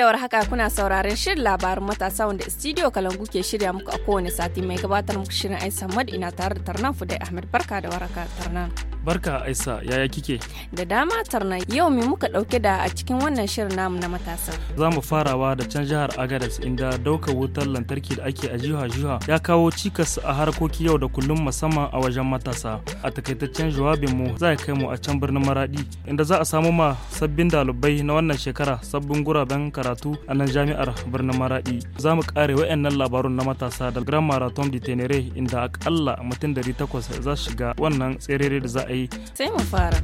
da warhaka kuna sauraron shirin labarin matasa wanda studio Kalangu ke shirya muku a kowane sati mai gabatar muku shirin Aisha Mad ina tare da Tarnan Fudai Ahmed barka da warhaka Tarnan. Barka Aisa, yaya kike? Da dama tarna yau me muka dauke da a cikin wannan shirin namu na matasa. Za mu farawa da can jihar Agadez inda daukar wutar lantarki da ake a jiha-jiha ya kawo cikas a harkoki yau da kullum musamman a wajen matasa. A takaitaccen jawabin mu za kai mu a can birnin Maradi inda za a samu ma sabbin dalibai na wannan shekara sabbin guraben karatu a nan jami'ar birnin Maradi. Za mu kare wayannan labarun na matasa da Grand Marathon de Tenere inda akalla mutum 800 za su shiga wannan tserere da za a ra'ayi sai para.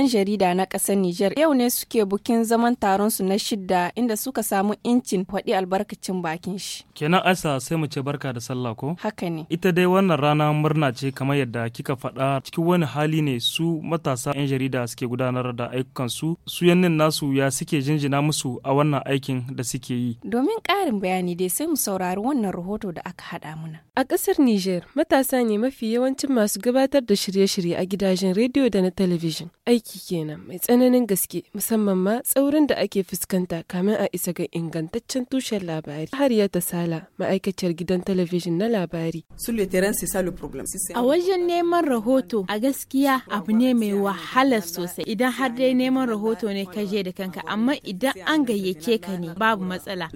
'yan jarida na ƙasar Nijar yau ne suke bukin zaman taron su na shidda inda suka samu incin faɗi albarkacin bakin shi. Kenan aisa sai mu ce barka da sallah ko? Haka ne. Ita dai wannan rana murna ce kamar yadda kika faɗa cikin wani hali ne su matasa 'yan jarida suke gudanar da ayyukan su yannin nasu ya suke jinjina musu a wannan aikin da suke yi. Domin ƙarin bayani dai sai mu saurari wannan rahoto da aka haɗa muna. A ƙasar Nijar matasa ne mafi yawancin masu gabatar da shirye-shirye a gidajen rediyo da na talabijin. Aiki aiki kenan mai tsananin gaske musamman ma tsaurin da ake fuskanta kamin a isa ga ingantaccen tushen labari. ta sala ma'aikaciyar gidan talabijin na labari. A wajen neman rahoto a gaskiya abu ne mai wahala sosai idan har dai neman rahoto ne ka je da kanka amma idan an gayyace ka ne babu matsala.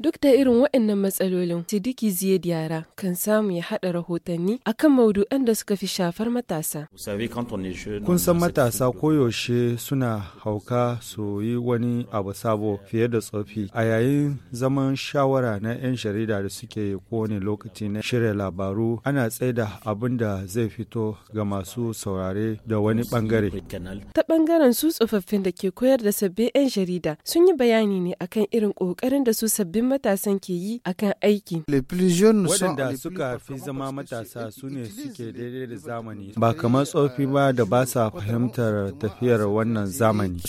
Duk da irin waɗannan matsalolin Sidiki Ziyad yara kan samu ya haɗa rahotanni akan maudu'an da suka fi shafar matasa. Kun kusan matasa koyaushe suna hauka su yi wani abu sabo fiye da tsofi a yayin zaman shawara na 'yan jarida da suke kowane lokaci na shirya labaru ana tsaida abin da zai fito ga masu saurare da wani bangare. Ta bangaren su tsofaffin da ke koyar da sabbin 'yan jarida sun yi bayani ne akan irin kokarin da su sabbin matasan ke yi akan aiki. Waɗanda suka fi zama matasa su ne suke daidai da zamani ba kamar tsofi ba euh, da ba sa fahimtar tafiyar wannan zamani.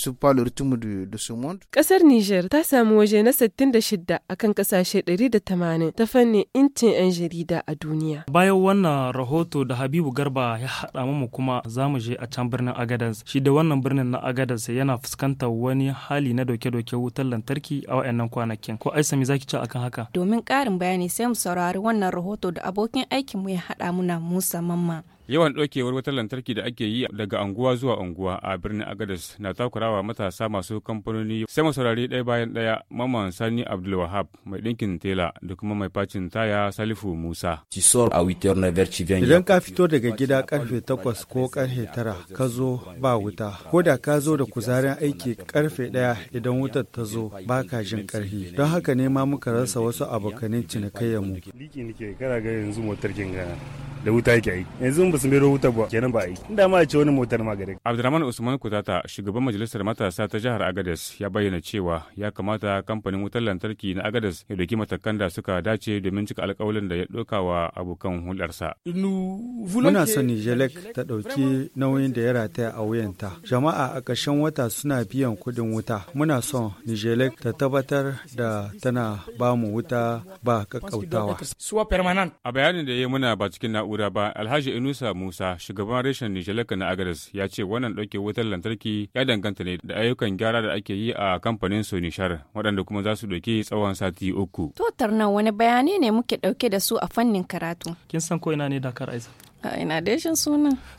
Ƙasar Nijar ta samu waje na 66 a kan ƙasashe 180 ta fannin incin 'yan jarida a duniya. Bayan wannan rahoto da Habibu Garba ya haɗa mu kuma za je a can birnin Agadez. Shi da wannan birnin na Agadez yana fuskantar wani hali na doke-doke wutar lantarki a wayannan kwanakin. Ko Aisa me zaki ci akan haka? Domin ƙarin bayani sai mu saurari wannan rahoto da abokin aikinmu ya haɗa muna Musa Mamma. Yawan ɗaukewar wutar lantarki da ake yi daga anguwa zuwa unguwa a birnin Agadez na takurawa matasa masu kamfanoni sai masaurari ɗaya bayan ɗaya Maman Sani Abdulwahab mai ɗinkin tela da kuma mai facin taya Salifu Musa. Idan ka fito daga gida karfe takwas ko karfe tara ka zo ba wuta ko da ka zo da kuzarin aiki karfe ɗaya idan wutar ta zo ba ka jin karfi don haka ne ma muka rasa wasu abokanin cinikayyar mu da wuta yake aiki. Yanzu ba su mero wuta ba kenan ba a yi inda ma a ce wani motar ma gare usman kutata shugaban majalisar matasa ta jihar agadez ya bayyana cewa ya kamata kamfanin wutar lantarki na agadez ya doki matakan da suka dace domin cika alkawalin da ya ɗauka wa abokan hulɗarsa. muna son nijelek ta ɗauki nauyin da ya rataya a wuyanta jama'a a ƙarshen wata suna biyan kuɗin wuta muna son nijelek ta tabbatar da tana ba mu wuta ba ƙaƙƙautawa. a bayanin da ya muna ba cikin na'ura ba alhaji inusa Yunusa Musa, shugaban reshen Nijalaka na Agadas, ya ce wannan ɗauke wutar lantarki ya danganta ne da ayyukan gyara da ake yi a kamfanin su nishar waɗanda kuma za su ɗauki tsawon sati uku. Totar nan wani bayani ne muke ɗauke da su a fannin karatu. Kin san ko ina ne Dakar aiza. ina da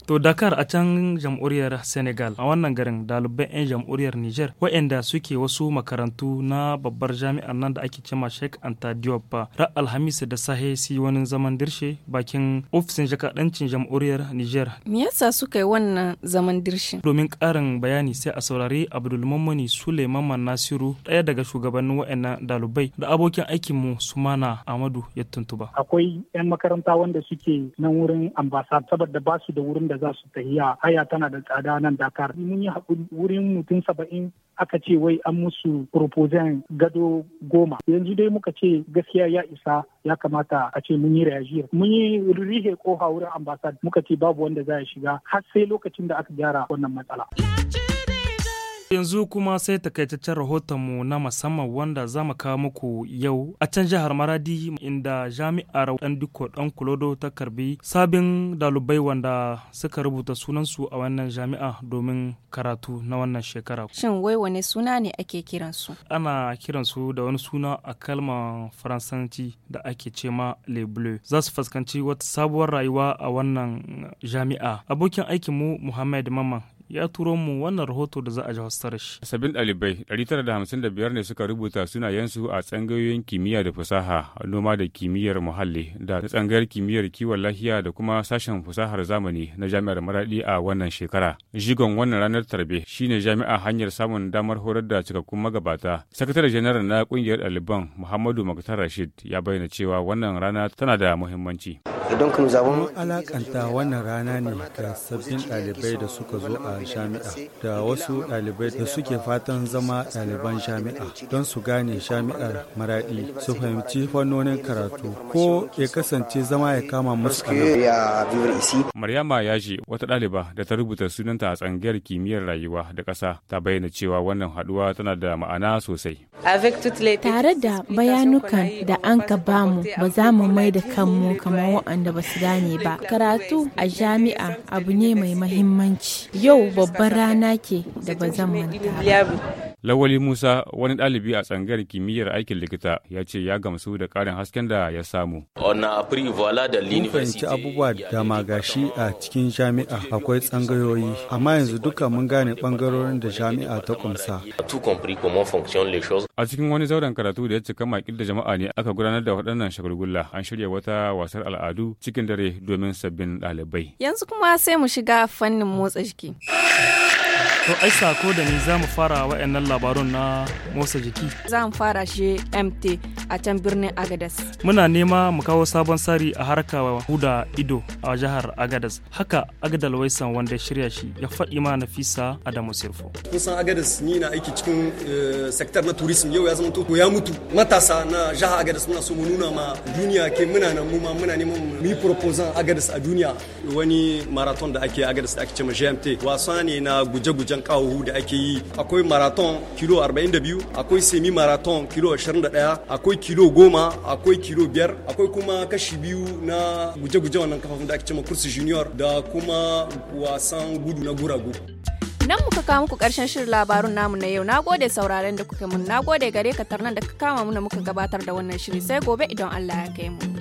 To Dakar a can jamhuriyar Senegal a wannan garin dalibai 'yan jamhuriyar Niger waɗanda suke wasu makarantu na babbar jami'ar nan da ake cema sheik Anta Diop ra Alhamis da sahe si wani zaman dirshe bakin ofisin jakadancin jamhuriyar Niger. Me yasa suka yi wannan zaman dirshe? Domin karin bayani sai a saurari Abdulmamani Suleiman Nasiru ɗaya daga shugabannin waɗannan dalibai da abokin aikin mu Sumana Amadu ya tuntuba. Akwai 'yan makaranta wanda suke nan wurin basa saboda ba su da wurin da za su tahiya haya tana da tsada nan Dakar mun yi haƙuri wurin mutum saba'in aka ce wai an musu proposal gado goma yanzu dai muka ce gaskiya ya isa ya kamata a ce mun yi reagir mun yi rihe koha wurin ambasad muka ce babu wanda za ya shiga har sai lokacin da aka gyara wannan matsala. yanzu kuma sai takaitaccen mu na musamman wanda za mu kawo muku yau a can jihar maradi inda jami'ar ɗan diko ɗan kulodo ta karbi sabin dalibai wanda suka rubuta sunansu a wannan jami'a domin karatu na wannan shekara shin wai wani suna ne ake kiransu ana kiransu da wani suna a kalmar faransanci da ake ce ma le bleu za su fuskanci wata sabuwar rayuwa a wannan jami'a abokin aikinmu muhammad maman ya turo mu wannan rahoto da za a ji hassara shi. Sabbin ɗalibai 955 ne suka rubuta sunayensu a tsangayoyin kimiyya da fasaha, noma da kimiyyar muhalli da tsangayar kimiyyar kiwon lafiya da kuma sashen fasahar zamani na jami'ar Maradi a wannan shekara. Jigon wannan ranar tarbe shine jami'a hanyar samun damar horar da cikakkun magabata. Sakatare janar na kungiyar ɗaliban Muhammadu Maktar Rashid ya bayyana cewa wannan rana tana da muhimmanci. Mun alakanta wannan rana ne ga sabbin ɗalibai da suka zo a da wasu ɗalibai da suke fatan zama ɗaliban jami'a don su gane jami'ar maraɗi su fahimci fannonin karatu ko ya kasance zama ya kama musu Maryama Yaji wata ɗaliba da ta rubuta sunanta a tsangiyar kimiyyar rayuwa da ƙasa ta bayyana cewa wannan haɗuwa tana da ma'ana sosai. Tare da bayanukan da an ka bamu ba za mu mai da kanmu kamar waɗanda ba su gane ba. Karatu a jami'a abu ne mai mahimmanci. Yau babban rana ce da ba zan manta ba. Lawali Musa wani ɗalibi a tsangayar kimiyyar aikin likita ya ce ya gamsu da ƙarin hasken da ya samu. Mun fahimci abubuwa da magashi a cikin jami'a akwai tsangayoyi, amma yanzu duka mun gane ɓangarorin da jami'a ta kumsa. A cikin wani zauren karatu da ya cika makil da jama'a ne aka gudanar da waɗannan shagulgula an shirya wata wasar al'adu cikin dare domin sabbin ɗalibai. Yanzu kuma sai mu shiga fannin motsa jiki. To aisa ko da ni za mu fara wa'annan labarun na motsa jiki. Za fara shi MT a can birnin Agadas. Muna nema mu kawo sabon sari a harka huda ido a jihar Agadas. Haka Agadal Waisan wanda shirya shi ya faɗi ma Nafisa Adamu Sirfo. san Agadas ni na aiki cikin eh, sektar na tourism yau ya zama to ya mutu. Matasa na jihar Agadas muna so mu nuna ma duniya ke muna nan mu ma muna neman mu yi proposal Agadas a duniya wani marathon da ake Agadas da ake cewa GMT wasa ne na guje-guje wajen kawo da ake yi akwai marathon kilo 42 akwai semi marathon kilo 21 akwai kilo 10 akwai kilo 5 akwai kuma kashi biyu na guje-guje wannan kafafun da ake cewa kursi junior da kuma wasan gudu na guragu nan muka kawo muku karshen shirin labarun namu na yau na gode sauraren da kuka mun gode gare ka tarnan da ka kama muna muka gabatar da wannan shiri sai gobe idan Allah ya kai mu